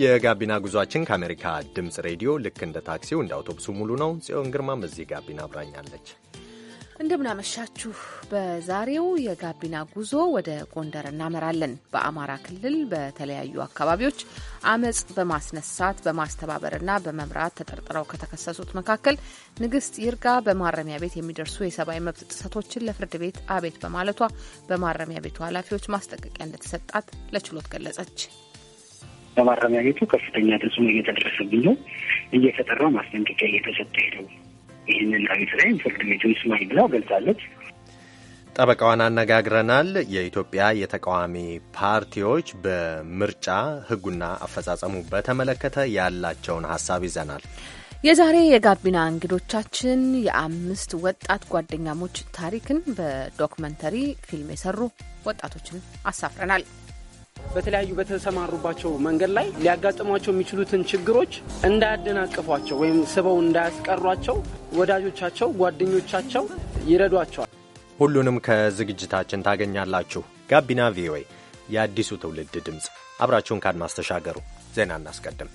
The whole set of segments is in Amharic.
የጋቢና ጉዟችን ከአሜሪካ ድምፅ ሬዲዮ ልክ እንደ ታክሲው እንደ አውቶቡሱ ሙሉ ነው። ጽዮን ግርማም እዚህ ጋቢና አብራኛለች። እንደምናመሻችሁ። በዛሬው የጋቢና ጉዞ ወደ ጎንደር እናመራለን። በአማራ ክልል በተለያዩ አካባቢዎች አመፅ በማስነሳት በማስተባበርና በመምራት ተጠርጥረው ከተከሰሱት መካከል ንግስት ይርጋ በማረሚያ ቤት የሚደርሱ የሰብአዊ መብት ጥሰቶችን ለፍርድ ቤት አቤት በማለቷ በማረሚያ ቤቱ ኃላፊዎች ማስጠንቀቂያ እንደተሰጣት ለችሎት ገለጸች። በማረሚያ ቤቱ ከፍተኛ ተጽዕኖ እየተደረሰብኝ ነው፣ እየተጠራ ማስጠንቀቂያ እየተሰጠ ሄደው ይህንን ቤት ላይ ፍርድ ቤቱ ይስማኝ ብላ ገልጻለች። ጠበቃዋን አነጋግረናል። የኢትዮጵያ የተቃዋሚ ፓርቲዎች በምርጫ ሕጉና አፈጻጸሙ በተመለከተ ያላቸውን ሀሳብ ይዘናል። የዛሬ የጋቢና እንግዶቻችን የአምስት ወጣት ጓደኛሞች ታሪክን በዶክመንተሪ ፊልም የሰሩ ወጣቶችን አሳፍረናል። በተለያዩ በተሰማሩባቸው መንገድ ላይ ሊያጋጥሟቸው የሚችሉትን ችግሮች እንዳያደናቅፏቸው ወይም ስበው እንዳያስቀሯቸው ወዳጆቻቸው፣ ጓደኞቻቸው ይረዷቸዋል። ሁሉንም ከዝግጅታችን ታገኛላችሁ። ጋቢና ቪኦኤ የአዲሱ ትውልድ ድምፅ። አብራችሁን ካድማስ ተሻገሩ። ዜና እናስቀድም።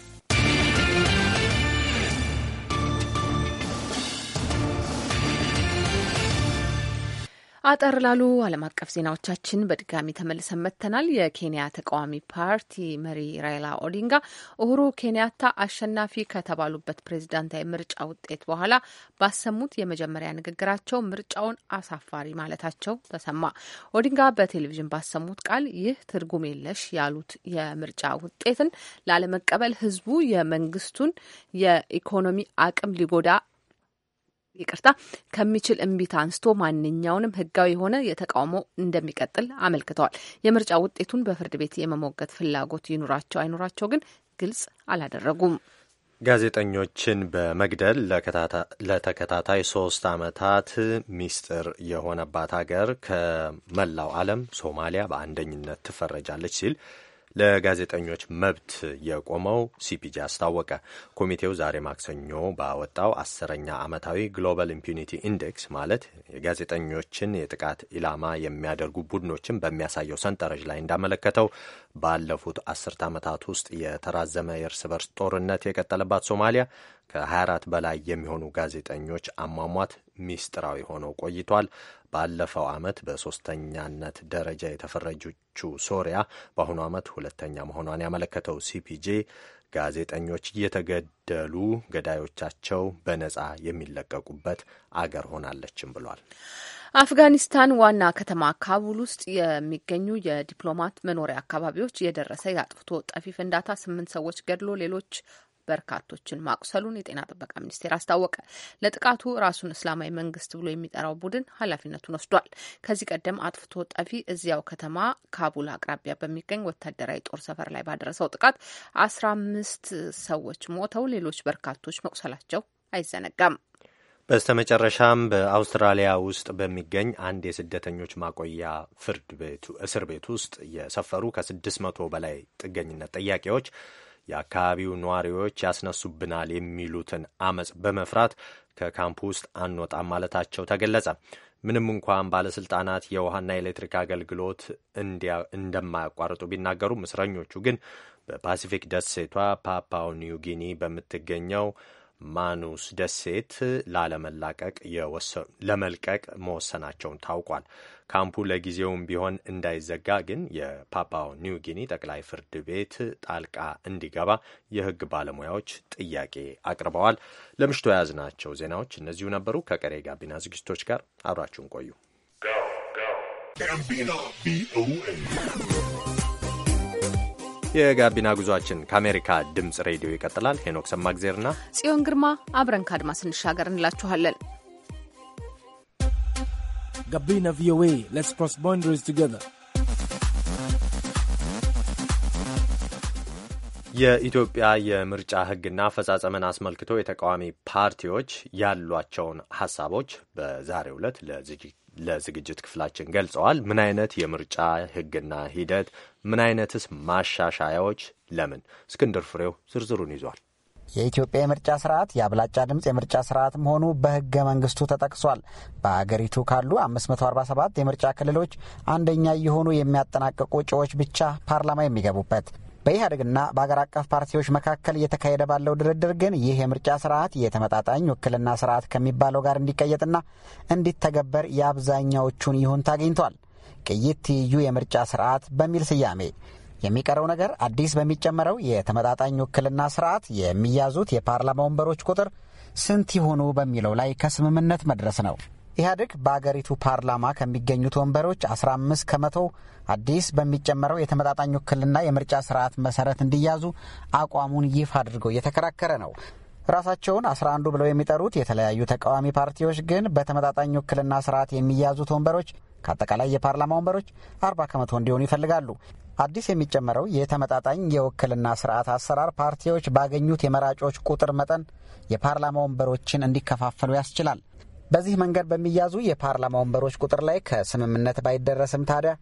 አጠር ላሉ ዓለም አቀፍ ዜናዎቻችን በድጋሚ ተመልሰን መጥተናል። የኬንያ ተቃዋሚ ፓርቲ መሪ ራይላ ኦዲንጋ ኡሁሩ ኬንያታ አሸናፊ ከተባሉበት ፕሬዚዳንታዊ ምርጫ ውጤት በኋላ ባሰሙት የመጀመሪያ ንግግራቸው ምርጫውን አሳፋሪ ማለታቸው ተሰማ። ኦዲንጋ በቴሌቪዥን ባሰሙት ቃል ይህ ትርጉም የለሽ ያሉት የምርጫ ውጤትን ላለመቀበል ህዝቡ የመንግስቱን የኢኮኖሚ አቅም ሊጎዳ ይቅርታ ከሚችል እምቢታ አንስቶ ማንኛውንም ህጋዊ የሆነ የተቃውሞ እንደሚቀጥል አመልክተዋል። የምርጫ ውጤቱን በፍርድ ቤት የመሞገት ፍላጎት ይኑራቸው አይኑራቸው ግን ግልጽ አላደረጉም። ጋዜጠኞችን በመግደል ለተከታታይ ሶስት ዓመታት ሚስጥር የሆነባት ሀገር ከመላው ዓለም ሶማሊያ በአንደኝነት ትፈረጃለች ሲል ለጋዜጠኞች መብት የቆመው ሲፒጂ አስታወቀ። ኮሚቴው ዛሬ ማክሰኞ ባወጣው አስረኛ ዓመታዊ ግሎባል ኢምፒኒቲ ኢንዴክስ ማለት የጋዜጠኞችን የጥቃት ኢላማ የሚያደርጉ ቡድኖችን በሚያሳየው ሰንጠረዥ ላይ እንዳመለከተው ባለፉት አስርት ዓመታት ውስጥ የተራዘመ የእርስ በርስ ጦርነት የቀጠለባት ሶማሊያ ከ24 በላይ የሚሆኑ ጋዜጠኞች አሟሟት ሚስጥራዊ ሆነው ቆይቷል። ባለፈው ዓመት በሶስተኛነት ደረጃ የተፈረጀችው ሶሪያ በአሁኑ ዓመት ሁለተኛ መሆኗን ያመለከተው ሲፒጄ ጋዜጠኞች እየተገደሉ ገዳዮቻቸው በነጻ የሚለቀቁበት አገር ሆናለችም ብሏል። አፍጋኒስታን ዋና ከተማ ካቡል ውስጥ የሚገኙ የዲፕሎማት መኖሪያ አካባቢዎች የደረሰ የአጥፍቶ ጠፊ ፍንዳታ ስምንት ሰዎች ገድሎ ሌሎች በርካቶችን ማቁሰሉን የጤና ጥበቃ ሚኒስቴር አስታወቀ። ለጥቃቱ ራሱን እስላማዊ መንግስት ብሎ የሚጠራው ቡድን ኃላፊነቱን ወስዷል። ከዚህ ቀደም አጥፍቶ ጠፊ እዚያው ከተማ ካቡል አቅራቢያ በሚገኝ ወታደራዊ ጦር ሰፈር ላይ ባደረሰው ጥቃት አስራ አምስት ሰዎች ሞተው ሌሎች በርካቶች መቁሰላቸው አይዘነጋም። በስተመጨረሻም በአውስትራሊያ ውስጥ በሚገኝ አንድ የስደተኞች ማቆያ ፍርድ ቤቱ እስር ቤት ውስጥ የሰፈሩ ከስድስት መቶ በላይ ጥገኝነት ጥያቄዎች። የአካባቢው ነዋሪዎች ያስነሱብናል የሚሉትን አመፅ በመፍራት ከካምፕ ውስጥ አንወጣም ማለታቸው ተገለጸ። ምንም እንኳን ባለስልጣናት የውሃና የኤሌክትሪክ አገልግሎት እንደማያቋርጡ ቢናገሩም እስረኞቹ ግን በፓሲፊክ ደሴቷ ፓፓው ኒው ጊኒ በምትገኘው ማኑስ ደሴት ላለመላቀቅ ለመልቀቅ መወሰናቸውን ታውቋል። ካምፑ ለጊዜውም ቢሆን እንዳይዘጋ ግን የፓፓው ኒው ጊኒ ጠቅላይ ፍርድ ቤት ጣልቃ እንዲገባ የሕግ ባለሙያዎች ጥያቄ አቅርበዋል። ለምሽቱ የያዝናቸው ዜናዎች እነዚሁ ነበሩ። ከቀሬ ጋቢና ዝግጅቶች ጋር አብራችሁን ቆዩ። የጋቢና ጉዟችን ከአሜሪካ ድምፅ ሬዲዮ ይቀጥላል። ሄኖክ ሰማግዜርና ጽዮን ግርማ አብረን ከአድማስ እንሻገር እንላችኋለን። Gabina VOA. Let's cross boundaries together. የኢትዮጵያ የምርጫ ሕግና አፈጻጸምን አስመልክቶ የተቃዋሚ ፓርቲዎች ያሏቸውን ሀሳቦች በዛሬው ዕለት ለዝግጅት ክፍላችን ገልጸዋል። ምን አይነት የምርጫ ሕግና ሂደት፣ ምን አይነትስ ማሻሻያዎች፣ ለምን? እስክንድር ፍሬው ዝርዝሩን ይዟል። የኢትዮጵያ የምርጫ ስርዓት የአብላጫ ድምፅ የምርጫ ስርዓት መሆኑ በህገ መንግስቱ ተጠቅሷል። በአገሪቱ ካሉ 547 የምርጫ ክልሎች አንደኛ የሆኑ የሚያጠናቀቁ እጩዎች ብቻ ፓርላማ የሚገቡበት በኢህአዴግና በአገር አቀፍ ፓርቲዎች መካከል እየተካሄደ ባለው ድርድር ግን ይህ የምርጫ ስርዓት የተመጣጣኝ ውክልና ስርዓት ከሚባለው ጋር እንዲቀየጥና እንዲተገበር የአብዛኛዎቹን ይሁንታ አግኝቷል። ቅይት ትይዩ የምርጫ ስርዓት በሚል ስያሜ የሚቀረው ነገር አዲስ በሚጨመረው የተመጣጣኝ ውክልና ስርዓት የሚያዙት የፓርላማ ወንበሮች ቁጥር ስንት ይሆኑ በሚለው ላይ ከስምምነት መድረስ ነው። ኢህአዴግ በአገሪቱ ፓርላማ ከሚገኙት ወንበሮች 15 ከመቶ አዲስ በሚጨመረው የተመጣጣኝ ውክልና የምርጫ ስርዓት መሰረት እንዲያዙ አቋሙን ይፋ አድርጎ እየተከራከረ ነው። ራሳቸውን አስራ አንዱ ብለው የሚጠሩት የተለያዩ ተቃዋሚ ፓርቲዎች ግን በተመጣጣኝ ውክልና ስርዓት የሚያዙት ወንበሮች ከአጠቃላይ የፓርላማ ወንበሮች አርባ ከመቶ እንዲሆኑ ይፈልጋሉ። አዲስ የሚጨመረው የተመጣጣኝ የውክልና ስርዓት አሰራር ፓርቲዎች ባገኙት የመራጮች ቁጥር መጠን የፓርላማ ወንበሮችን እንዲከፋፈሉ ያስችላል። በዚህ መንገድ በሚያዙ የፓርላማ ወንበሮች ቁጥር ላይ ከስምምነት ባይደረስም ታዲያ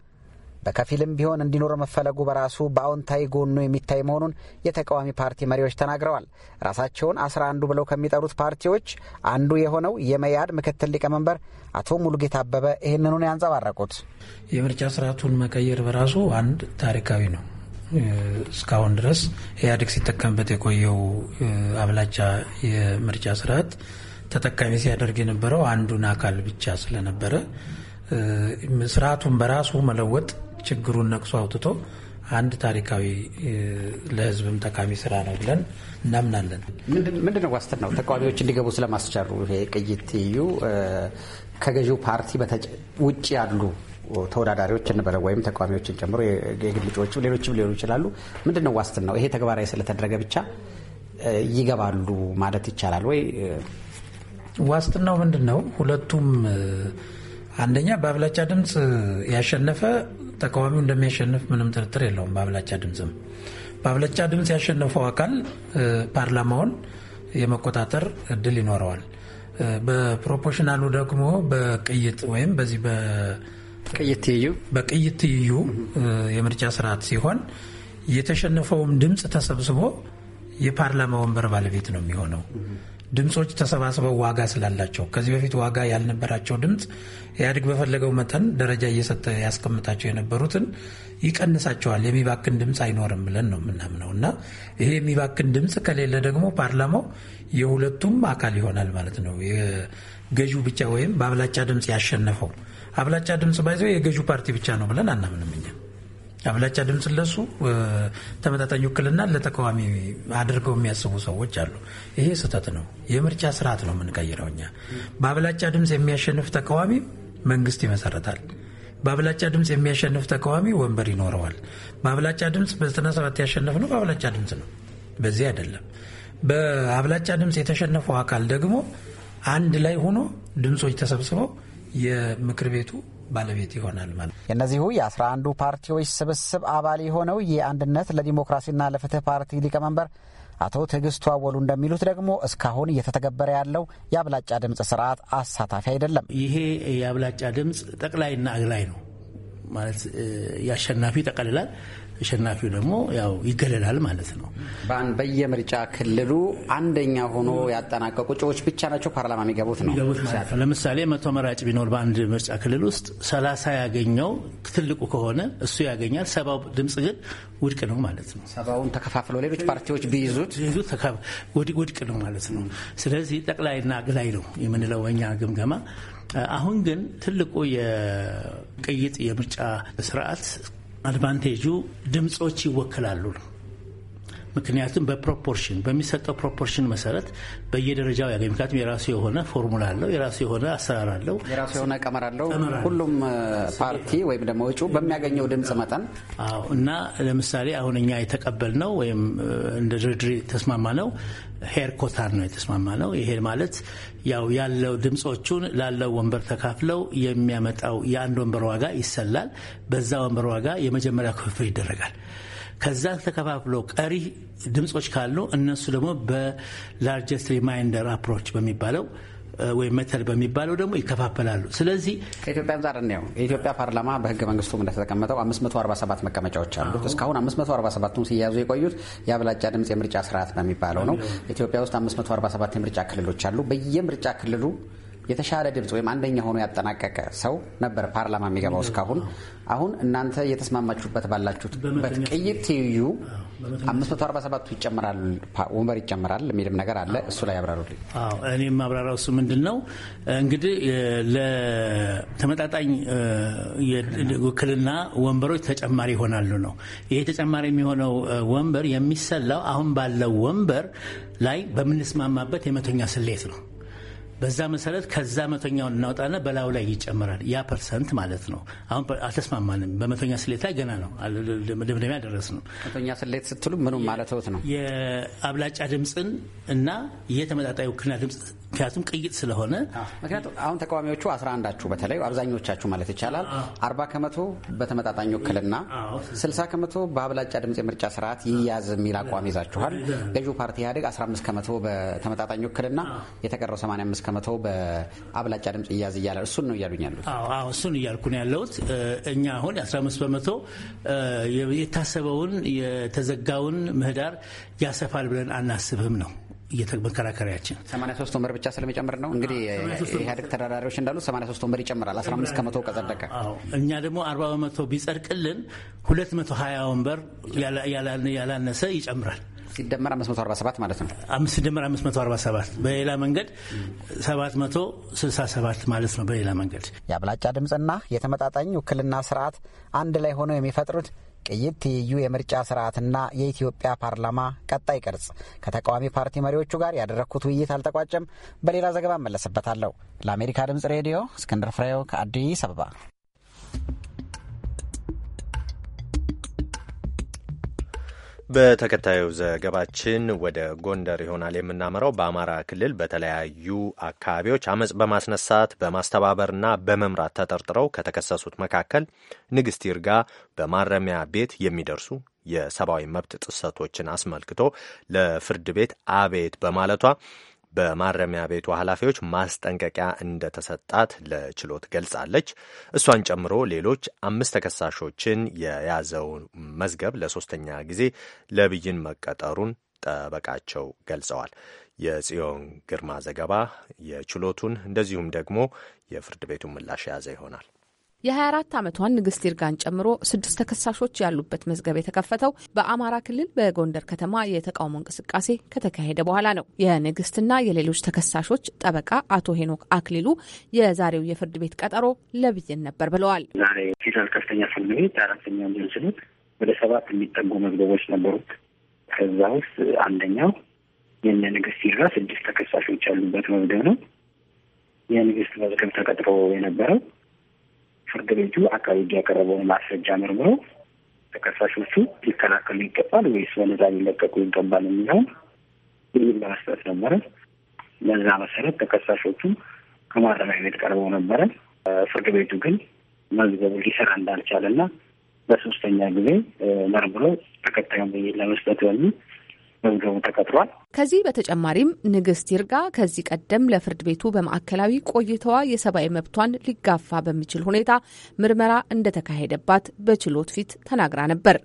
በከፊልም ቢሆን እንዲኖር መፈለጉ በራሱ በአዎንታዊ ጎኑ የሚታይ መሆኑን የተቃዋሚ ፓርቲ መሪዎች ተናግረዋል። ራሳቸውን አስራ አንዱ ብለው ከሚጠሩት ፓርቲዎች አንዱ የሆነው የመያድ ምክትል ሊቀመንበር አቶ ሙሉጌታ አበበ ይህንኑን ያንጸባረቁት የምርጫ ስርዓቱን መቀየር በራሱ አንድ ታሪካዊ ነው። እስካሁን ድረስ ኢህአዴግ ሲጠቀምበት የቆየው አብላጫ የምርጫ ስርዓት ተጠቃሚ ሲያደርግ የነበረው አንዱን አካል ብቻ ስለነበረ ስርዓቱን በራሱ መለወጥ ችግሩን ነቅሶ አውጥቶ አንድ ታሪካዊ ለህዝብም ጠቃሚ ስራ ነው ብለን እናምናለን። ምንድን ነው ዋስትናው? ተቃዋሚዎች እንዲገቡ ስለማስቻሉ ይሄ ቅይት ትይዩ ከገዢው ፓርቲ ውጭ ያሉ ተወዳዳሪዎች እንበለ ወይም ተቃዋሚዎችን ጨምሮ የግል ሌሎችም ሊሆኑ ይችላሉ። ምንድን ነው ዋስትናው? ይሄ ተግባራዊ ስለተደረገ ብቻ ይገባሉ ማለት ይቻላል ወይ? ዋስትናው ምንድን ነው? ሁለቱም አንደኛ በአብላጫ ድምፅ ያሸነፈ ተቃዋሚው እንደሚያሸንፍ ምንም ጥርጥር የለውም። በአብላጫ ድምፅም በአብላጫ ድምፅ ያሸነፈው አካል ፓርላማውን የመቆጣጠር እድል ይኖረዋል። በፕሮፖርሽናሉ ደግሞ በቅይጥ ወይም በዚህ በቅይጥ ትይዩ የምርጫ ስርዓት ሲሆን የተሸነፈውም ድምፅ ተሰብስቦ የፓርላማ ወንበር ባለቤት ነው የሚሆነው። ድምፆች ተሰባስበው ዋጋ ስላላቸው ከዚህ በፊት ዋጋ ያልነበራቸው ድምፅ ኢህአዴግ በፈለገው መጠን ደረጃ እየሰጠ ያስቀምጣቸው የነበሩትን ይቀንሳቸዋል። የሚባክን ድምፅ አይኖርም ብለን ነው የምናምነው እና ይሄ የሚባክን ድምፅ ከሌለ ደግሞ ፓርላማው የሁለቱም አካል ይሆናል ማለት ነው። የገዢው ብቻ ወይም በአብላጫ ድምፅ ያሸነፈው አብላጫ ድምፅ ባይዘው የገዢው ፓርቲ ብቻ ነው ብለን አናምንም እኛ። አብላጫ ድምፅ ለሱ ተመጣጣኝ ውክልና ለተቃዋሚ አድርገው የሚያስቡ ሰዎች አሉ። ይሄ ስህተት ነው። የምርጫ ስርዓት ነው የምንቀይረው እኛ። በአብላጫ ድምፅ የሚያሸንፍ ተቃዋሚ መንግስት ይመሰረታል። በአብላጫ ድምፅ የሚያሸንፍ ተቃዋሚ ወንበር ይኖረዋል። በአብላጫ ድምፅ በዘጠና ሰባት ያሸነፍ ነው በአብላጫ ድምፅ ነው። በዚህ አይደለም። በአብላጫ ድምፅ የተሸነፈው አካል ደግሞ አንድ ላይ ሆኖ ድምፆች ተሰብስበው የምክር ቤቱ ባለቤት ይሆናል ማለት ነው። የእነዚሁ የአስራ አንዱ ፓርቲዎች ስብስብ አባል የሆነው የአንድነት ለዲሞክራሲና ለፍትህ ፓርቲ ሊቀመንበር አቶ ትዕግስቱ አወሉ እንደሚሉት ደግሞ እስካሁን እየተተገበረ ያለው የአብላጫ ድምፅ ስርዓት አሳታፊ አይደለም። ይሄ የአብላጫ ድምፅ ጠቅላይና አግላይ ነው ማለት የአሸናፊ ጠቀልላል፣ አሸናፊው ደግሞ ያው ይገለላል ማለት ነው። በየምርጫ ክልሉ አንደኛ ሆኖ ያጠናቀቁ እጩዎች ብቻ ናቸው ፓርላማ የሚገቡት ነው። ለምሳሌ መቶ መራጭ ቢኖር በአንድ ምርጫ ክልል ውስጥ ሰላሳ ያገኘው ትልቁ ከሆነ እሱ ያገኛል። ሰባው ድምጽ ግን ውድቅ ነው ማለት ነው። ሰባውን ተከፋፍሎ ሌሎች ፓርቲዎች ቢይዙት ውድቅ ነው ማለት ነው። ስለዚህ ጠቅላይና ግላይ ነው የምንለው እኛ ግምገማ። አሁን ግን ትልቁ የቅይጥ የምርጫ ስርዓት አድቫንቴጁ ድምፆች ይወክላሉ ነው ምክንያቱም በፕሮፖርሽን በሚሰጠው ፕሮፖርሽን መሰረት በየደረጃው ያገኝ ምክንያቱም የራሱ የሆነ ፎርሙላ አለው፣ የራሱ የሆነ አሰራር አለው፣ የራሱ የሆነ ቀመር አለው። ሁሉም ፓርቲ ወይም ደግሞ እጩ በሚያገኘው ድምፅ መጠን እና ለምሳሌ አሁን እኛ ነው ወይም እንደ ድርድር ተስማማ ነው ሄር ኮታን ነው የተስማማ ነው። ይሄ ማለት ያው ያለው ድምፆቹን ላለው ወንበር ተካፍለው የሚያመጣው የአንድ ወንበር ዋጋ ይሰላል። በዛ ወንበር ዋጋ የመጀመሪያ ክፍፍል ይደረጋል። ከዛ ተከፋፍሎ ቀሪ ድምፆች ካሉ እነሱ ደግሞ በላርጀስት ሪማይንደር አፕሮች በሚባለው ወይም መተር በሚባለው ደግሞ ይከፋፈላሉ። ስለዚህ ከኢትዮጵያ አንጻር እንየው። የኢትዮጵያ ፓርላማ በህገ መንግስቱ እንደተቀመጠው 547 መቀመጫዎች አሉት። እስካሁን 547ቱም ሲያዙ የቆዩት የአብላጫ ድምፅ የምርጫ ስርዓት በሚባለው ነው። ኢትዮጵያ ውስጥ 547 የምርጫ ክልሎች አሉ። በየምርጫ ክልሉ የተሻለ ድምፅ ወይም አንደኛ ሆኖ ያጠናቀቀ ሰው ነበር ፓርላማ የሚገባው እስካሁን። አሁን እናንተ የተስማማችሁበት ባላችሁት በቅይጥ ትይዩ 547ቱ ይጨምራል ወንበር ይጨምራል የሚልም ነገር አለ። እሱ ላይ ያብራሩልኝ። እኔ ማብራራው እሱ ምንድን ነው እንግዲህ ለተመጣጣኝ ውክልና ወንበሮች ተጨማሪ ይሆናሉ ነው። ይሄ ተጨማሪ የሚሆነው ወንበር የሚሰላው አሁን ባለው ወንበር ላይ በምንስማማበት የመቶኛ ስሌት ነው። በዛ መሰረት ከዛ መቶኛውን እናወጣና በላዩ ላይ ይጨምራል። ያ ፐርሰንት ማለት ነው። አሁን አልተስማማንም። በመቶኛ ስሌት ላይ ገና ነው፣ ድምዳሜ ደረስ ነው። መቶኛ ስሌት ስትሉ ምኑ ማለት ነው? የአብላጫ ድምፅን እና የተመጣጣይ ውክልና ድምፅ ምክንያቱም ቅይጥ ስለሆነ ምክንያቱም አሁን ተቃዋሚዎቹ አስራ አንዳችሁ በተለይ አብዛኞቻችሁ ማለት ይቻላል አርባ ከመቶ በተመጣጣኝ ውክልና ስልሳ ከመቶ በአብላጫ ድምፅ የምርጫ ስርዓት ይያዝ የሚል አቋም ይዛችኋል። ገዢው ፓርቲ ኢህአዴግ 15 ከመቶ በተመጣጣኝ ውክልና የተቀረው አምስት ከመቶ በአብላጫ ድምፅ ይያዝ እያለ እሱን ነው እያሉኝ ያሉት። እሱን እያልኩ ነው ያለሁት። እኛ አሁን አምስት በመቶ የታሰበውን የተዘጋውን ምህዳር ያሰፋል ብለን አናስብም ነው መከራከሪያችን 83 ወንበር ብቻ ስለሚጨምር ነው። እንግዲህ ኢህአዴግ ተደራዳሪዎች እንዳሉት 83 ወንበር ይጨምራል። 15 ከመቶ ከጸደቀ እኛ ደግሞ 40 በመቶ ቢጸድቅልን 220 ወንበር ያላነሰ ይጨምራል። ሲደመር 547 ማለት ነው። ሲደመር 547 በሌላ መንገድ 767 ማለት ነው። በሌላ መንገድ የአብላጫ ድምፅና የተመጣጣኝ ውክልና ስርዓት አንድ ላይ ሆነው የሚፈጥሩት ቅይጥ ትይዩ የምርጫ ስርዓትና የኢትዮጵያ ፓርላማ ቀጣይ ቅርጽ ከተቃዋሚ ፓርቲ መሪዎቹ ጋር ያደረግኩት ውይይት አልተቋጨም። በሌላ ዘገባ እመለስበታለሁ። ለአሜሪካ ድምጽ ሬዲዮ እስክንድር ፍሬው ከአዲስ አበባ በተከታዩ ዘገባችን ወደ ጎንደር ይሆናል የምናመራው። በአማራ ክልል በተለያዩ አካባቢዎች አመፅ በማስነሳት በማስተባበርና በመምራት ተጠርጥረው ከተከሰሱት መካከል ንግሥት ይርጋ በማረሚያ ቤት የሚደርሱ የሰብአዊ መብት ጥሰቶችን አስመልክቶ ለፍርድ ቤት አቤት በማለቷ በማረሚያ ቤቱ ኃላፊዎች ማስጠንቀቂያ እንደተሰጣት ለችሎት ገልጻለች። እሷን ጨምሮ ሌሎች አምስት ተከሳሾችን የያዘው መዝገብ ለሶስተኛ ጊዜ ለብይን መቀጠሩን ጠበቃቸው ገልጸዋል። የጽዮን ግርማ ዘገባ የችሎቱን እንደዚሁም ደግሞ የፍርድ ቤቱን ምላሽ የያዘ ይሆናል። የ24 ዓመቷን ንግስት ይርጋን ጨምሮ ስድስት ተከሳሾች ያሉበት መዝገብ የተከፈተው በአማራ ክልል በጎንደር ከተማ የተቃውሞ እንቅስቃሴ ከተካሄደ በኋላ ነው። የንግስትና የሌሎች ተከሳሾች ጠበቃ አቶ ሄኖክ አክሊሉ የዛሬው የፍርድ ቤት ቀጠሮ ለብይን ነበር ብለዋል። ዛሬ ከፍተኛ ፍርድ ቤት አራተኛ ወንጀል ችሎት ወደ ሰባት የሚጠጉ መዝገቦች ነበሩት። ከዛ ውስጥ አንደኛው የነ ንግስት ይርጋ ስድስት ተከሳሾች ያሉበት መዝገብ ነው። የንግስት መዝገብ ተቀጥሮ የነበረው ፍርድ ቤቱ አቃቤ ሕግ ያቀረበውን ማስረጃ መርምሮ ተከሳሾቹ ሊከላከሉ ይገባል ወይስ በነፃ ሊለቀቁ ይገባል የሚለውን ብይን ለመስጠት ነበረ። በዛ መሰረት ተከሳሾቹ ከማረሚያ ቤት ቀርበው ነበረ። ፍርድ ቤቱ ግን መዝገቡ ሊሰራ እንዳልቻለና በሶስተኛ ጊዜ መርምሮ ተከታዩን ብይን ለመስጠት በሚል ገንዘቡ ተቀጥሯል። ከዚህ በተጨማሪም ንግስት ይርጋ ከዚህ ቀደም ለፍርድ ቤቱ በማዕከላዊ ቆይታዋ የሰብአዊ መብቷን ሊጋፋ በሚችል ሁኔታ ምርመራ እንደተካሄደባት በችሎት ፊት ተናግራ ነበር።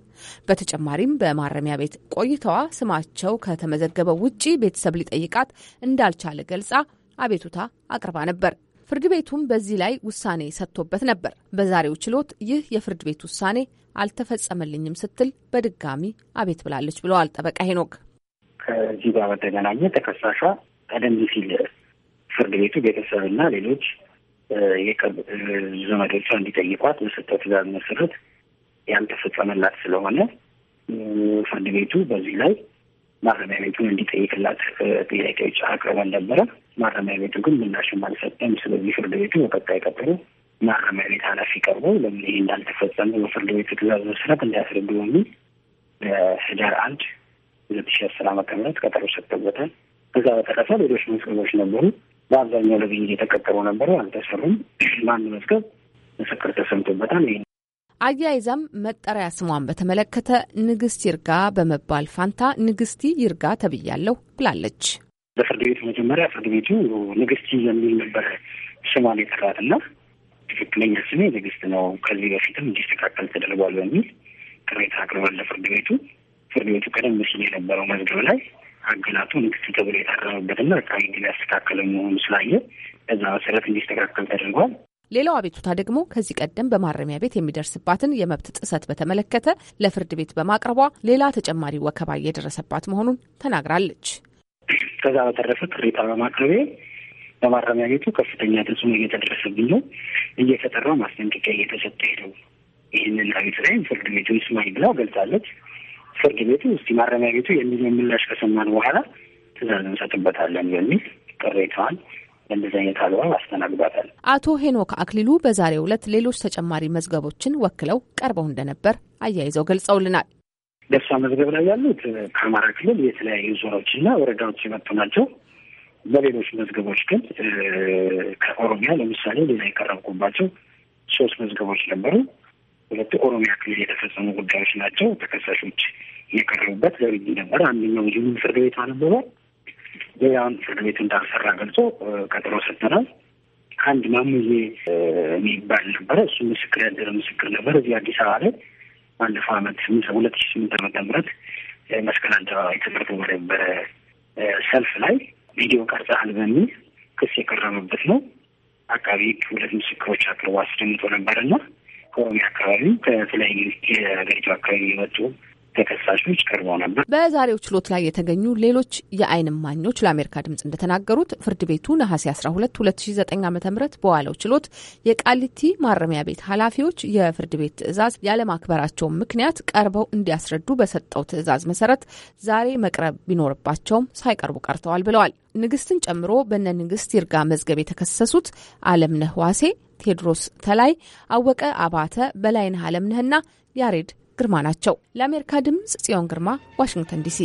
በተጨማሪም በማረሚያ ቤት ቆይታዋ ስማቸው ከተመዘገበው ውጪ ቤተሰብ ሊጠይቃት እንዳልቻለ ገልጻ አቤቱታ አቅርባ ነበር። ፍርድ ቤቱም በዚህ ላይ ውሳኔ ሰጥቶበት ነበር። በዛሬው ችሎት ይህ የፍርድ ቤት ውሳኔ አልተፈጸመልኝም ስትል በድጋሚ አቤት ብላለች ብለዋል ጠበቃ ሄኖክ። ከዚህ ጋር በተገናኘ ተከሳሿ ቀደም ሲል ፍርድ ቤቱ ቤተሰብና ሌሎች የቅርብ ዘመዶቿ እንዲጠይቋት በሰጠው ትዕዛዝ መሰረት ያልተፈጸመላት ስለሆነ ፍርድ ቤቱ በዚህ ላይ ማረሚያ ቤቱን እንዲጠይቅላት ጥያቄዎች አቅርበን ነበረ። ማረሚያ ቤቱ ግን ምላሽም አልሰጠም። ስለዚህ ፍርድ ቤቱ በቀጣይ ቀጠሮ ማረሚያ ቤት ኃላፊ ቀርቦ ለምን ይሄ እንዳልተፈጸመ በፍርድ ቤቱ ትዕዛዝ መሰረት እንዲያስረዱ በሚል በህዳር አንድ ሁለት ሺ አስር ዓመተ ምህረት ቀጠሮ ሰጥተውታል። ከዛ በተረፈ ሌሎች መዝገቦች ነበሩ። በአብዛኛው ለብይን የተቀጠሩ ነበሩ፣ አልተሰሩም። በአንድ መዝገብ ምስክር ተሰምቶበታል። ይህ አያይዛም መጠሪያ ስሟን በተመለከተ ንግስት ይርጋ በመባል ፋንታ ንግስቲ ይርጋ ተብያለሁ ብላለች። በፍርድ ቤቱ መጀመሪያ ፍርድ ቤቱ ንግስቲ የሚል ነበር ስሟን የጠራት እና ትክክለኛ ስሜ ንግስት ነው፣ ከዚህ በፊትም እንዲስተካከል ተደርጓል በሚል ቅሬታ አቅርበን ለፍርድ ቤቱ ፍርድ ቤቱ ቀደም ሲል የነበረው መዝገብ ላይ አገላቱ ምክትል ተብሎ የታረመበትና አቃቤ ሕግ ያስተካከለ መሆኑ ስላየ በዛ መሰረት እንዲስተካከል ተደርጓል። ሌላው አቤቱታ ደግሞ ከዚህ ቀደም በማረሚያ ቤት የሚደርስባትን የመብት ጥሰት በተመለከተ ለፍርድ ቤት በማቅረቧ ሌላ ተጨማሪ ወከባ እየደረሰባት መሆኑን ተናግራለች። ከዛ በተረፈ ቅሬታ በማቅረቤ በማረሚያ ቤቱ ከፍተኛ ተጽዕኖ እየተደረሰብኝ ነው፣ እየተጠራ ማስጠንቀቂያ እየተሰጠ ሄደው ይህንን ላይም ፍርድ ቤቱ ይስማኝ ብላ ገልጻለች። ፍርድ ቤቱ እስቲ ማረሚያ ቤቱ የሚለውን ምላሽ ከሰማን በኋላ ትእዛዝ እንሰጥበታለን የሚል ቅሬታዋን በእንደዚህ አይነት አግባብ አስተናግዷታል። አቶ ሄኖክ አክሊሉ በዛሬው ዕለት ሌሎች ተጨማሪ መዝገቦችን ወክለው ቀርበው እንደነበር አያይዘው ገልጸውልናል። በእሷ መዝገብ ላይ ያሉት ከአማራ ክልል የተለያዩ ዞኖችና ወረዳዎች የመጡ ናቸው። በሌሎች መዝገቦች ግን ከኦሮሚያ ለምሳሌ ሌላ የቀረብኩባቸው ሶስት መዝገቦች ነበሩ። ሁለቱ ኦሮሚያ ክልል የተፈጸሙ ጉዳዮች ናቸው። ተከሳሾች የቀረቡበት ዘብይ ነበር። አንደኛው ይህን ፍርድ ቤት አነበበ፣ ሌላውን ፍርድ ቤት እንዳልሰራ ገልጾ ቀጥሮ ሰጠናል። አንድ ማሙዬ የሚባል ነበረ። እሱ ምስክር ያደረ ምስክር ነበር። እዚህ አዲስ አበባ ላይ ባለፈው አመት ሁለት ሺ ስምንት ዓመተ ምህረት መስቀል አደባባይ ትምህርት በነበረ ሰልፍ ላይ ቪዲዮ ቀርጸሃል በሚል ክስ የቀረበበት ነው። አካባቢ ሁለት ምስክሮች አቅርቦ አስደምጦ ነበርና ከኦሮሚያ አካባቢ ከተለያዩ የሀገሪቱ አካባቢ የመጡ ተከሳሾች ቀርበው ነበር። በዛሬው ችሎት ላይ የተገኙ ሌሎች የዓይን ማኞች ለአሜሪካ ድምጽ እንደተናገሩት ፍርድ ቤቱ ነሐሴ 12 2009 ዓ ም በዋለው ችሎት የቃሊቲ ማረሚያ ቤት ኃላፊዎች የፍርድ ቤት ትዕዛዝ ያለማክበራቸውን ምክንያት ቀርበው እንዲያስረዱ በሰጠው ትዕዛዝ መሰረት ዛሬ መቅረብ ቢኖርባቸውም ሳይቀርቡ ቀርተዋል ብለዋል። ንግስትን ጨምሮ በነ ንግስት ይርጋ መዝገብ የተከሰሱት አለምነህ ዋሴ፣ ቴድሮስ ተላይ፣ አወቀ አባተ፣ በላይነህ አለምነህና ያሬድ ግርማ ናቸው። ለአሜሪካ ድምፅ ጽዮን ግርማ ዋሽንግተን ዲሲ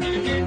Thank you.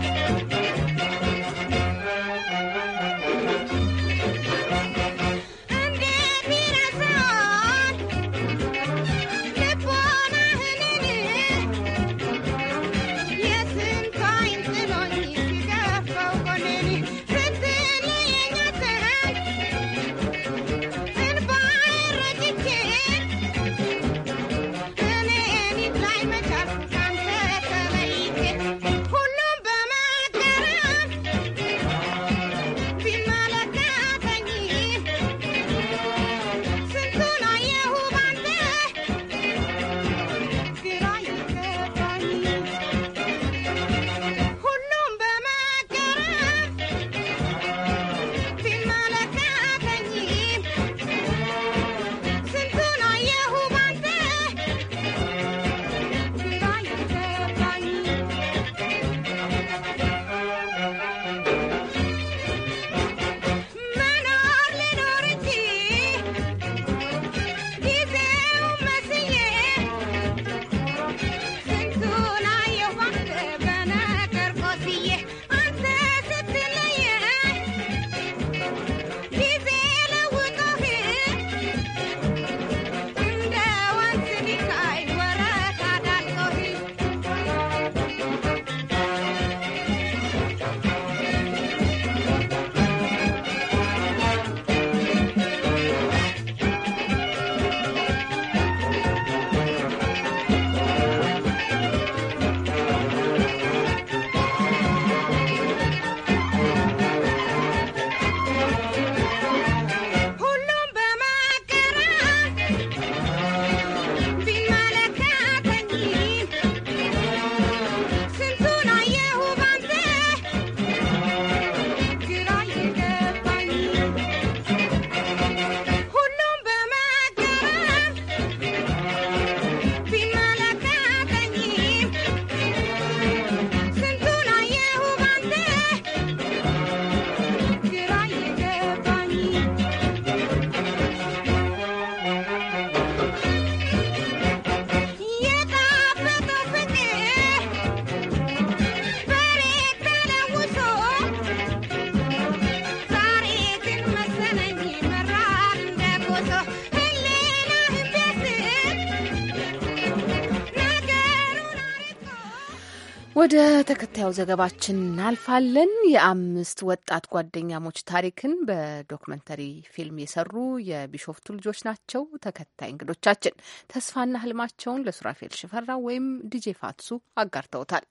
ወደሚቀጥለው ዘገባችን እናልፋለን። የአምስት ወጣት ጓደኛሞች ታሪክን በዶክመንተሪ ፊልም የሰሩ የቢሾፍቱ ልጆች ናቸው ተከታይ እንግዶቻችን። ተስፋና ህልማቸውን ለሱራፌል ሽፈራ ወይም ዲጄ ፋትሱ አጋርተውታል።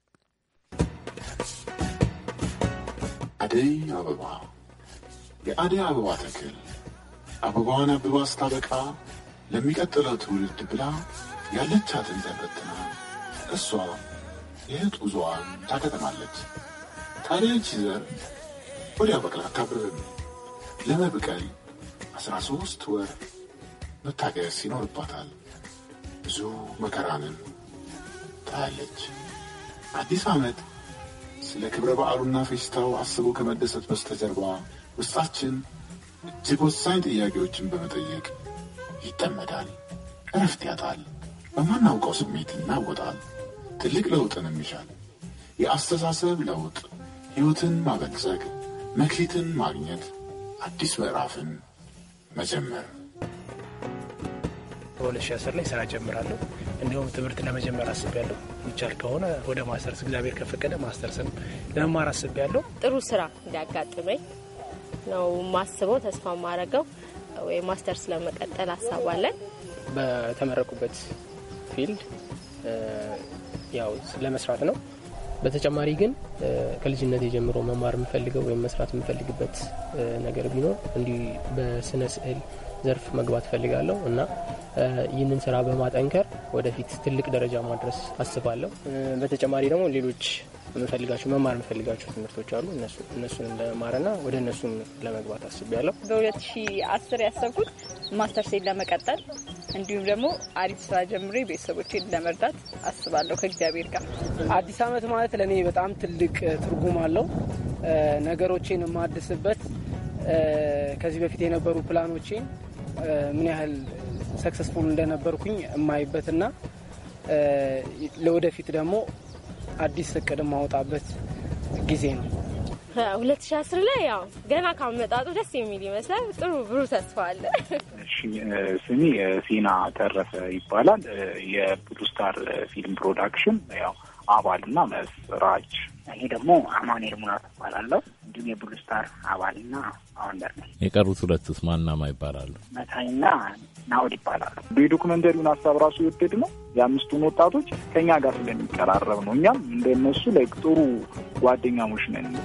አደይ አበባ የአደይ አበባ ተክል አበባዋን አብባ ስታበቃ ለሚቀጥለው ትውልድ ብላ ያለቻትን ተበትና እሷ የእህት ጉዞዋን ታከተማለች። ይቺ ዘር ወዲያ በቅላ አታብብም። ለመብቀል አስራ ሶስት ወር መታገስ ይኖርባታል። ብዙ መከራንን ታያለች። አዲስ ዓመት ስለ ክብረ በዓሉና ፌስታው አስቦ ከመደሰት በስተጀርባ ውስጣችን እጅግ ወሳኝ ጥያቄዎችን በመጠየቅ ይጠመዳል፣ እረፍት ያጣል፣ በማናውቀው ስሜት ይናወጣል። ትልቅ ለውጥን የሚሻል የአስተሳሰብ ለውጥ ሕይወትን ማበልጸግ፣ መክሊትን ማግኘት፣ አዲስ ምዕራፍን መጀመር። በ2010 ላይ ስራ ጀምራለሁ። እንዲሁም ትምህርት ለመጀመር አስቤያለሁ። ይቻል ከሆነ ወደ ማስተርስ እግዚአብሔር ከፈቀደ ማስተርስንም ለመማር አስቤያለሁ። ጥሩ ስራ እንዲያጋጥመኝ ነው ማስበው፣ ተስፋ ማድረገው ወይ ማስተርስ ለመቀጠል አሳባለን። በተመረቁበት ፊልድ ያው ለመስራት ነው። በተጨማሪ ግን ከልጅነት የጀምሮ መማር የምፈልገው ወይም መስራት የምፈልግበት ነገር ቢኖር እንዲህ በስነ ስዕል ዘርፍ መግባት ፈልጋለሁ እና ይህንን ስራ በማጠንከር ወደፊት ትልቅ ደረጃ ማድረስ አስባለሁ። በተጨማሪ ደግሞ ሌሎች የምፈልጋቸው መማር የምፈልጋቸው ትምህርቶች አሉ። እነሱንም ለመማርና ወደ እነሱም ለመግባት አስቤያለሁ። በ2010 ያሰብኩት ማስተርሴን ለመቀጠል እንዲሁም ደግሞ አዲስ ስራ ጀምሬ ቤተሰቦችን ለመርዳት አስባለሁ። ከእግዚአብሔር ጋር አዲስ ዓመት ማለት ለእኔ በጣም ትልቅ ትርጉም አለው። ነገሮቼን የማድስበት ከዚህ በፊት የነበሩ ፕላኖቼን ምን ያህል ሰክሰስፉል እንደነበርኩኝ የማይበትና ለወደፊት ደግሞ አዲስ እቅድ የማወጣበት ጊዜ ነው። 2010 ላይ ያው ገና ካመጣጡ ደስ የሚል ይመስላል። ጥሩ ብሩ ተስፋ አለ። ስሜ ሲና ተረፈ ይባላል። የብሉ ስታር ፊልም ፕሮዳክሽን ያው አባልና መስራች። እኔ ደግሞ አማኔል ሙላት እባላለሁ። የቀድሞ አባል ና አሁንደር ነው። የቀሩት ሁለቱስ ማናማ ይባላሉ? መታኝና ናውድ ይባላሉ። የዶክመንተሪውን ሀሳብ ራሱ የወደድ ነው የአምስቱን ወጣቶች ከኛ ጋር ስለሚቀራረብ ነው። እኛም እንደነሱ ላይ ጥሩ ጓደኛሞች ነን።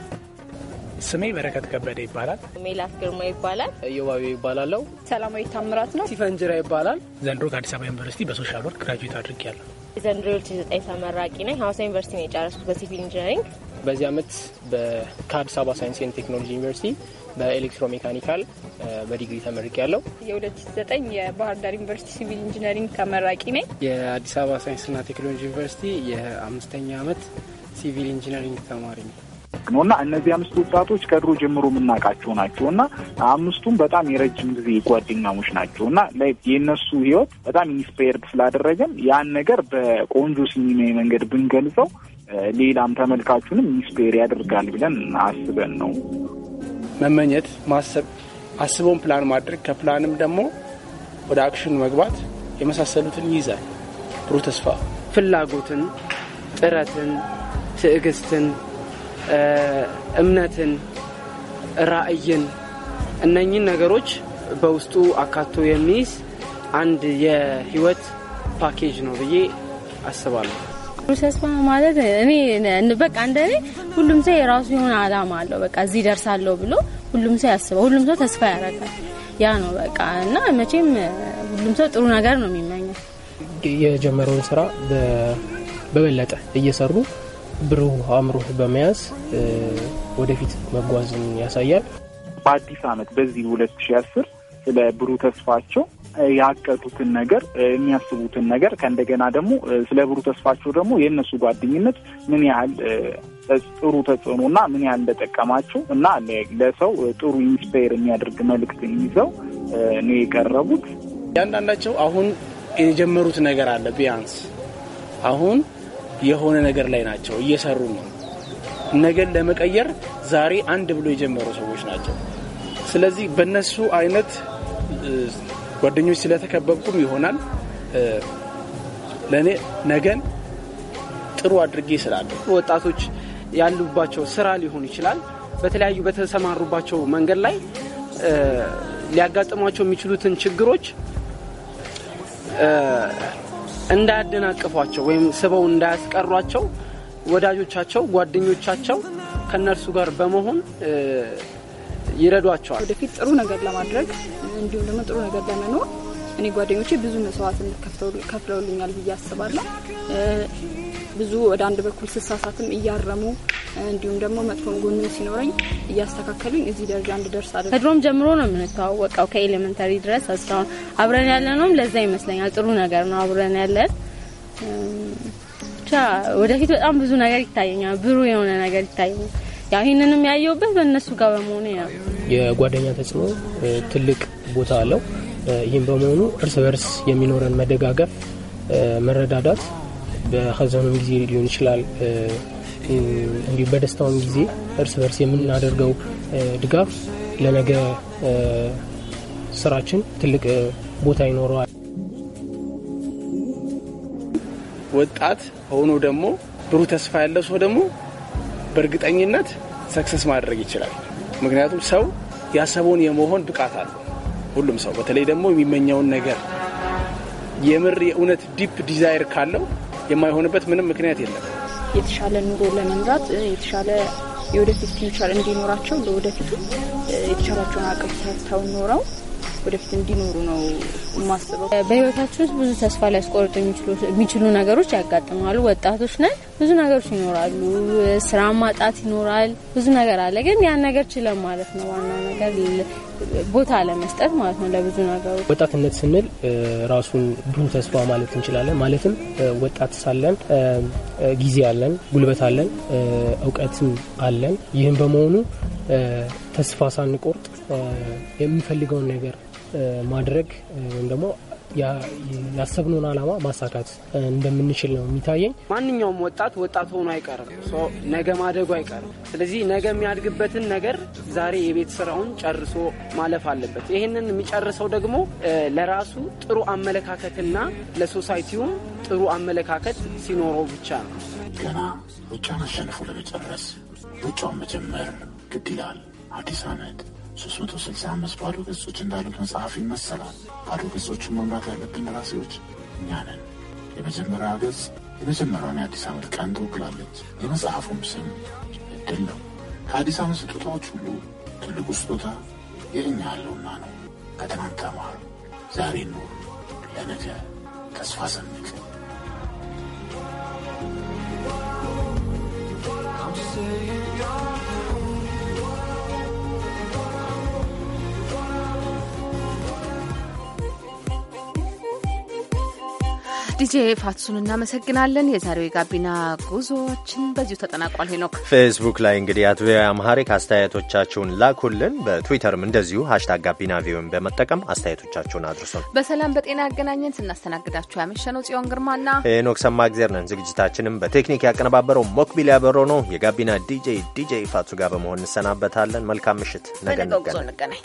ስሜ በረከት ከበደ ይባላል። ሜላት ግርማ ይባላል። እዮባቢ ይባላለው። ሰላማዊ ታምራት ነው። ሲፈንጅራ ይባላል። ዘንድሮ ከአዲስ አበባ ዩኒቨርሲቲ በሶሻል ወርክ ግራጁዌት አድርጌያለሁ። ዘንድሮ የሁለት ሺህ ዘጠኝ ተመራቂ ነኝ። ሀዋሳ ዩኒቨርሲቲ ነው የጨረስኩት በሲቪል ኢንጂነሪንግ በዚህ ዓመት ከአዲስ አበባ ሳይንስና ቴክኖሎጂ ዩኒቨርሲቲ በኤሌክትሮሜካኒካል በዲግሪ ተመርቅ ያለው የ2009 የባህር ዳር ዩኒቨርሲቲ ሲቪል ኢንጂነሪንግ ተመራቂ ነኝ። የአዲስ አበባ ሳይንስና ቴክኖሎጂ ዩኒቨርሲቲ የአምስተኛ ዓመት ሲቪል ኢንጂነሪንግ ተማሪ ነኝ ነው እና እነዚህ አምስት ወጣቶች ከድሮ ጀምሮ የምናውቃቸው ናቸው እና አምስቱም በጣም የረጅም ጊዜ ጓደኛሞች ናቸው እና የእነሱ ህይወት በጣም ኢንስፓየርድ ስላደረገን ያን ነገር በቆንጆ ሲኒማ መንገድ ብንገልጸው ሌላም ተመልካቹንም ኢንስፔር ያደርጋል ብለን አስበን ነው። መመኘት፣ ማሰብ፣ አስበውን ፕላን ማድረግ፣ ከፕላንም ደግሞ ወደ አክሽን መግባት የመሳሰሉትን ይይዛል። ብሩህ ተስፋ ፍላጎትን፣ ጥረትን፣ ትዕግስትን፣ እምነትን፣ ራዕይን እነኚህን ነገሮች በውስጡ አካቶ የሚይዝ አንድ የህይወት ፓኬጅ ነው ብዬ አስባለሁ። ተስፋ ማለት እኔ በቃ እንደኔ ሁሉም ሰው የራሱ የሆነ አላማ አለው። በቃ እዚህ ደርሳለሁ ብሎ ሁሉም ሰው ያስበው፣ ሁሉም ሰው ተስፋ ያደርጋል። ያ ነው በቃ እና መቼም ሁሉም ሰው ጥሩ ነገር ነው የሚመኘው። የጀመረውን ስራ በበለጠ እየሰሩ ብሩህ አእምሮህ በመያዝ ወደፊት መጓዝን ያሳያል። በአዲስ አመት በዚህ 2010 ስለ ብሩህ ተስፋቸው ያቀዱትን ነገር የሚያስቡትን ነገር ከእንደገና ደግሞ ስለ ብሩ ተስፋቸው ደግሞ የእነሱ ጓደኝነት ምን ያህል ጥሩ ተጽዕኖ እና ምን ያህል እንደጠቀማቸው እና ለሰው ጥሩ ኢንስፓየር የሚያደርግ መልእክት ይዘው ነው የቀረቡት። እያንዳንዳቸው አሁን የጀመሩት ነገር አለ። ቢያንስ አሁን የሆነ ነገር ላይ ናቸው፣ እየሰሩ ነው። ነገን ለመቀየር ዛሬ አንድ ብሎ የጀመሩ ሰዎች ናቸው። ስለዚህ በእነሱ አይነት ጓደኞች ስለተከበብኩም ይሆናል ለእኔ ነገን ጥሩ አድርጌ ስላለሁ ወጣቶች ያሉባቸው ስራ ሊሆን ይችላል። በተለያዩ በተሰማሩባቸው መንገድ ላይ ሊያጋጥሟቸው የሚችሉትን ችግሮች እንዳያደናቅፏቸው ወይም ስበው እንዳያስቀሯቸው ወዳጆቻቸው፣ ጓደኞቻቸው ከእነርሱ ጋር በመሆን ይረዷቸዋል። ወደፊት ጥሩ ነገር ለማድረግ እንዲሁም ደግሞ ጥሩ ነገር ለመኖር እኔ ጓደኞቼ ብዙ መስዋዕትነት ከፍለውልኛል ብዬ አስባለሁ። ብዙ ወደ አንድ በኩል ስሳሳትም እያረሙ እንዲሁም ደግሞ መጥፎን ጎንም ሲኖረኝ እያስተካከሉኝ እዚህ ደረጃ እንድደርስ አለ። ከድሮም ጀምሮ ነው የምንተዋወቀው ከኤሌመንተሪ ድረስ እስካሁን አብረን ያለ ነውም። ለዛ ይመስለኛል ጥሩ ነገር ነው አብረን ያለን። ብቻ ወደፊት በጣም ብዙ ነገር ይታየኛል፣ ብሩ የሆነ ነገር ይታየኛል። ያው ይህንንም ያየውበት በእነሱ ጋር በመሆኑ ነው። የጓደኛ ተጽዕኖ ትልቅ ቦታ አለው። ይህም በመሆኑ እርስ በርስ የሚኖረን መደጋገፍ፣ መረዳዳት በሀዘኑም ጊዜ ሊሆን ይችላል እንዲሁም በደስታውም ጊዜ እርስ በርስ የምናደርገው ድጋፍ ለነገ ስራችን ትልቅ ቦታ ይኖረዋል። ወጣት ሆኖ ደግሞ ብሩህ ተስፋ ያለው ሰው ደግሞ በእርግጠኝነት ሰክሰስ ማድረግ ይችላል። ምክንያቱም ሰው ያሰበውን የመሆን ብቃት አለው። ሁሉም ሰው በተለይ ደግሞ የሚመኘውን ነገር የምር የእውነት ዲፕ ዲዛይር ካለው የማይሆንበት ምንም ምክንያት የለም። የተሻለ ኑሮ ለመምራት የተሻለ የወደፊት ፊውቸር እንዲኖራቸው ለወደፊቱ የተሻላቸውን አቅም ሰርተው ኖረው ወደፊት እንዲኖሩ ነው የማስበው። በህይወታችን ውስጥ ብዙ ተስፋ ሊያስቆርጡ የሚችሉ ነገሮች ያጋጥማሉ። ወጣቶች ነን፣ ብዙ ነገሮች ይኖራሉ። ስራ ማጣት ይኖራል፣ ብዙ ነገር አለ። ግን ያን ነገር ችለን ማለት ነው ዋና ነገር ቦታ ለመስጠት ማለት ነው ለብዙ ነገሮች። ወጣትነት ስንል ራሱን ብሩህ ተስፋ ማለት እንችላለን። ማለትም ወጣት ሳለን ጊዜ አለን፣ ጉልበት አለን፣ እውቀትም አለን። ይህም በመሆኑ ተስፋ ሳንቆርጥ የምንፈልገውን ነገር ማድረግ ወይም ደግሞ ያሰብነውን ዓላማ ማሳካት እንደምንችል ነው የሚታየኝ። ማንኛውም ወጣት ወጣት ሆኖ አይቀርም፣ ነገ ማደጉ አይቀርም። ስለዚህ ነገ የሚያድግበትን ነገር ዛሬ የቤት ስራውን ጨርሶ ማለፍ አለበት። ይህንን የሚጨርሰው ደግሞ ለራሱ ጥሩ አመለካከትና ለሶሳይቲውም ጥሩ አመለካከት ሲኖረው ብቻ ነው። ገና ሩጫን አሸንፎ ለመጨረስ ሩጫውን መጀመር ግድ ይላል። አዲስ አመት 365 ባዶ ገጾች እንዳሉት መጽሐፍ ይመሰላል። ባዶ ገጾቹን መምራት ያለብን ራሴዎች እኛ ነን። የመጀመሪያ ገጽ የመጀመሪያውን የአዲስ ዓመት ቀን ትወክላለች። የመጽሐፉም ስም እድል ነው። ከአዲስ ዓመት ስጦታዎች ሁሉ ትልቁ ስጦታ የእኛ ያለውና ነው። ከትናንት ተማር፣ ዛሬ ኑር፣ ለነገ ተስፋ ሰንቅ። I'm saying ዲጄ ፋትሱን እናመሰግናለን። የዛሬው የጋቢና ጉዞዎችን በዚሁ ተጠናቋል። ሄኖክ ፌስቡክ ላይ እንግዲህ አቶ አምሃሪክ አስተያየቶቻችሁን ላኩልን። በትዊተርም እንደዚሁ ሀሽታግ ጋቢና ቪዮን በመጠቀም አስተያየቶቻችሁን አድርሱን። በሰላም በጤና ያገናኘን። ስናስተናግዳችሁ ያመሸነው ጽዮን ግርማና ሄኖክ ሰማ ጊዜር ነን። ዝግጅታችንም በቴክኒክ ያቀነባበረው ሞክቢል ያበሮ ነው። የጋቢና ዲጄ ዲጄ ፋትሱ ጋር በመሆን እንሰናበታለን። መልካም ምሽት። ነገ እንገናኝ።